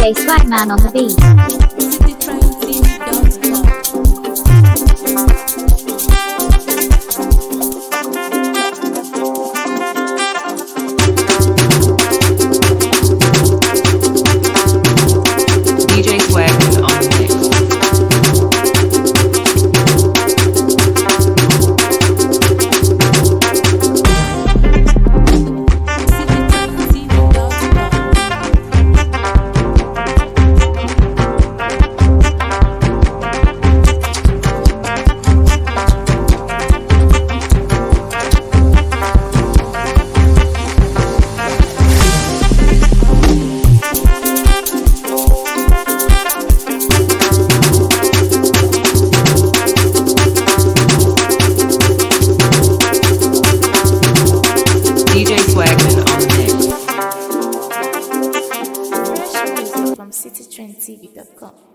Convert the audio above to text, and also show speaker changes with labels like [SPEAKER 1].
[SPEAKER 1] DJ Swagman on the beat.
[SPEAKER 2] from citytrendtv.com.